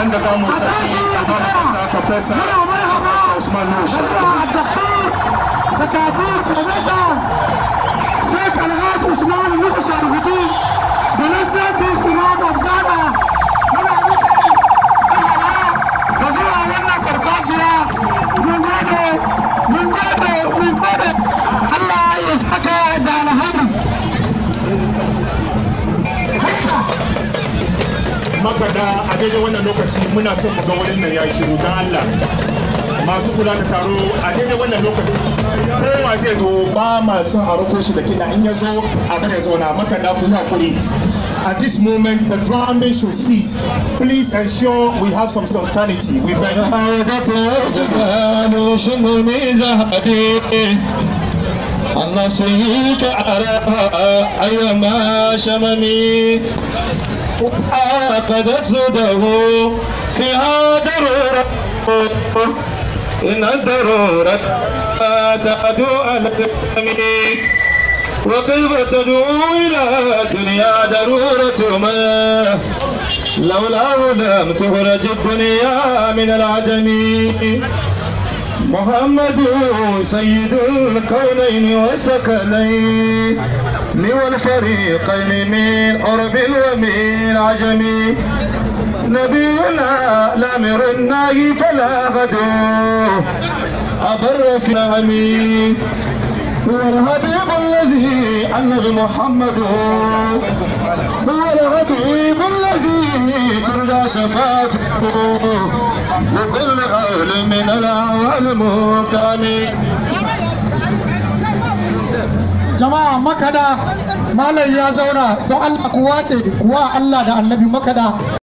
عشان ده فهم فيصل مرحبا عثمان نوش الدكتور دكاتره يا باشا ازيك على غايه عثمان النقش على الهدوء faɗa a daidai wannan lokaci muna son ka ga wurin nan ya shiru don Allah masu kula da taro a daidai wannan lokaci kowa zai zo ba ma son a shi da kiɗa in ya zo a bada zauna maka da ku hakuri At this moment, the drumming should cease. Please ensure we have some sanity. We beg. الله سيشعر أيما shamami عقدت زده فيها ضرورة إن الضرورة تعدو على الأمين وكيف تدعو إلى الدنيا ضرورة ما لولا لم تخرج الدنيا من العدم محمد سيد الكونين وسكنين من الفريقين من أرب ومن عجمي نبينا لامر الناهي فلا غدوه أبر في نعمي هو الحبيب الذي النبي محمد هو الحبيب الذي ترجى شفاته وكل قول من العوالم كامل jama'a makada malam ya zauna don Allah kuwa ce kuwa Allah da annabi makada